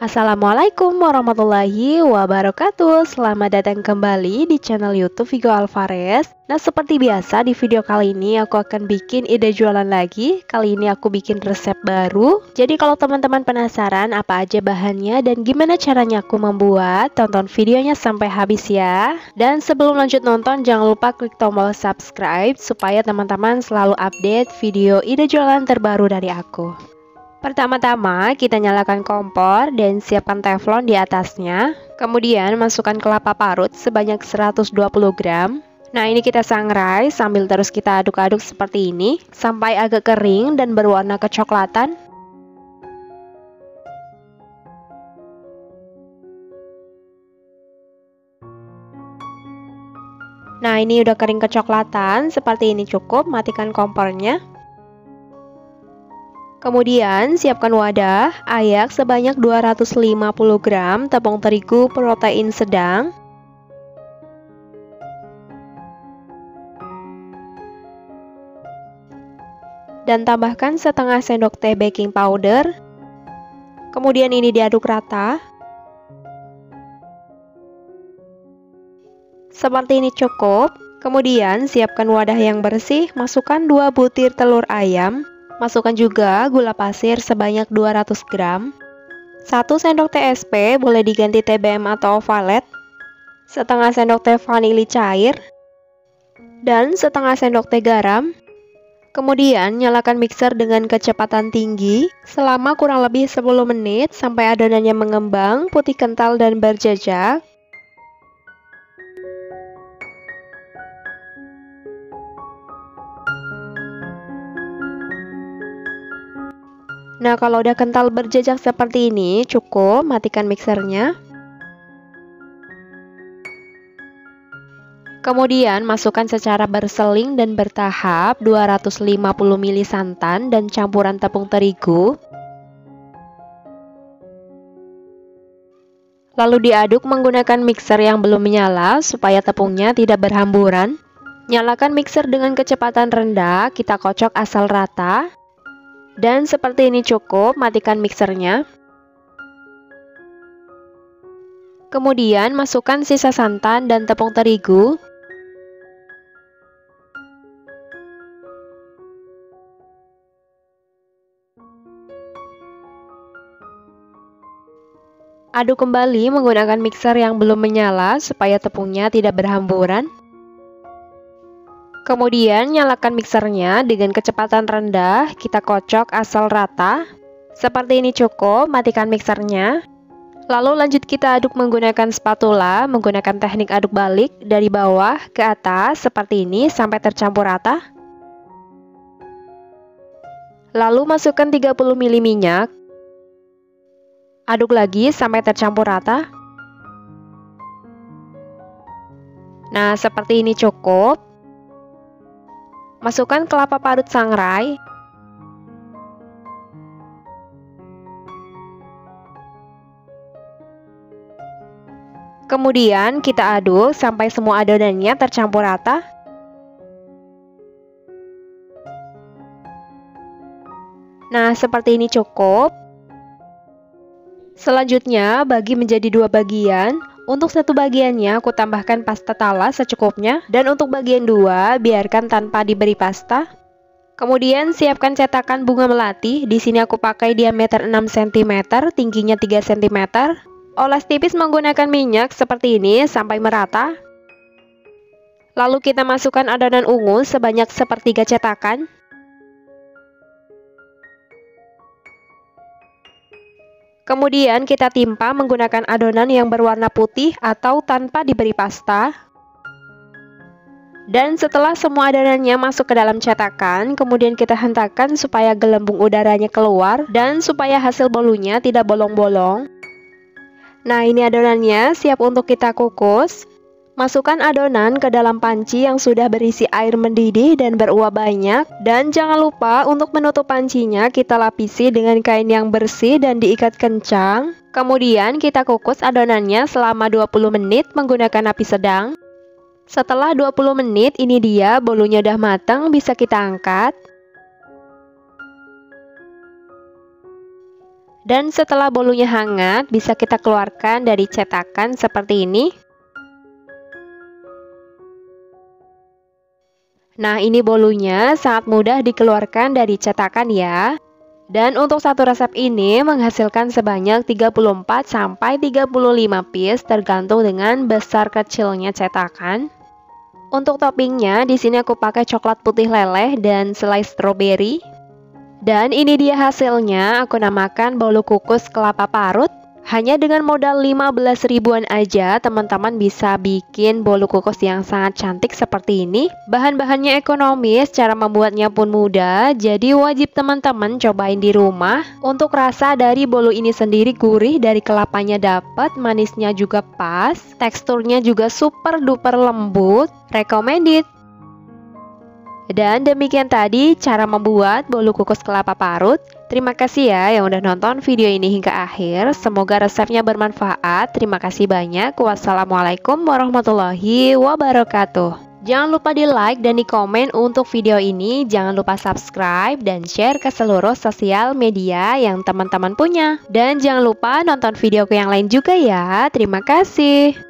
Assalamualaikum warahmatullahi wabarakatuh Selamat datang kembali di channel youtube Vigo Alvarez Nah seperti biasa di video kali ini aku akan bikin ide jualan lagi Kali ini aku bikin resep baru Jadi kalau teman-teman penasaran apa aja bahannya dan gimana caranya aku membuat Tonton videonya sampai habis ya Dan sebelum lanjut nonton jangan lupa klik tombol subscribe Supaya teman-teman selalu update video ide jualan terbaru dari aku Pertama-tama kita nyalakan kompor dan siapkan teflon di atasnya Kemudian masukkan kelapa parut sebanyak 120 gram Nah ini kita sangrai sambil terus kita aduk-aduk seperti ini Sampai agak kering dan berwarna kecoklatan Nah ini udah kering kecoklatan, seperti ini cukup, matikan kompornya Kemudian, siapkan wadah, ayak sebanyak 250 gram tepung terigu protein sedang, dan tambahkan setengah sendok teh baking powder. Kemudian ini diaduk rata. Seperti ini cukup. Kemudian siapkan wadah yang bersih, masukkan 2 butir telur ayam Masukkan juga gula pasir sebanyak 200 gram, 1 sendok teh SP boleh diganti TBM atau ovalet, setengah sendok teh vanili cair, dan setengah sendok teh garam. Kemudian nyalakan mixer dengan kecepatan tinggi selama kurang lebih 10 menit sampai adonannya mengembang, putih kental dan berjejak. Nah, kalau udah kental berjejak seperti ini, cukup matikan mixernya. Kemudian masukkan secara berseling dan bertahap 250 ml santan dan campuran tepung terigu. Lalu diaduk menggunakan mixer yang belum menyala supaya tepungnya tidak berhamburan. Nyalakan mixer dengan kecepatan rendah, kita kocok asal rata. Dan seperti ini cukup, matikan mixernya. Kemudian masukkan sisa santan dan tepung terigu. Aduk kembali menggunakan mixer yang belum menyala supaya tepungnya tidak berhamburan. Kemudian nyalakan mixernya dengan kecepatan rendah, kita kocok asal rata. Seperti ini cukup, matikan mixernya. Lalu lanjut kita aduk menggunakan spatula, menggunakan teknik aduk balik dari bawah ke atas seperti ini sampai tercampur rata. Lalu masukkan 30 ml minyak. Aduk lagi sampai tercampur rata. Nah, seperti ini cukup. Masukkan kelapa parut sangrai, Kemudian kita aduk sampai semua adonannya tercampur rata. Nah, seperti ini cukup. Selanjutnya, bagi menjadi dua bagian, untuk satu bagiannya aku tambahkan pasta talas secukupnya dan untuk bagian dua biarkan tanpa diberi pasta. Kemudian siapkan cetakan bunga melati. Di sini aku pakai diameter 6 cm, tingginya 3 cm. Oles tipis menggunakan minyak seperti ini sampai merata. Lalu kita masukkan adonan ungu sebanyak sepertiga cetakan Kemudian kita timpa menggunakan adonan yang berwarna putih atau tanpa diberi pasta. Dan setelah semua adonannya masuk ke dalam cetakan, kemudian kita hentakan supaya gelembung udaranya keluar dan supaya hasil bolunya tidak bolong-bolong. Nah ini adonannya siap untuk kita kukus Masukkan adonan ke dalam panci yang sudah berisi air mendidih dan beruap banyak Dan jangan lupa untuk menutup pancinya kita lapisi dengan kain yang bersih dan diikat kencang Kemudian kita kukus adonannya selama 20 menit menggunakan api sedang Setelah 20 menit ini dia bolunya udah matang bisa kita angkat Dan setelah bolunya hangat bisa kita keluarkan dari cetakan seperti ini Nah ini bolunya sangat mudah dikeluarkan dari cetakan ya dan untuk satu resep ini menghasilkan sebanyak 34 sampai 35 piece tergantung dengan besar kecilnya cetakan. Untuk toppingnya di sini aku pakai coklat putih leleh dan selai strawberry. Dan ini dia hasilnya, aku namakan bolu kukus kelapa parut. Hanya dengan modal 15 ribuan aja, teman-teman bisa bikin bolu kukus yang sangat cantik seperti ini. Bahan-bahannya ekonomis, cara membuatnya pun mudah, jadi wajib teman-teman cobain di rumah. Untuk rasa dari bolu ini sendiri gurih, dari kelapanya dapat, manisnya juga pas, teksturnya juga super duper lembut. Recommended! Dan demikian tadi cara membuat bolu kukus kelapa parut. Terima kasih ya yang udah nonton video ini hingga akhir. Semoga resepnya bermanfaat. Terima kasih banyak. Wassalamualaikum warahmatullahi wabarakatuh. Jangan lupa di like dan di komen untuk video ini. Jangan lupa subscribe dan share ke seluruh sosial media yang teman-teman punya. Dan jangan lupa nonton videoku yang lain juga ya. Terima kasih.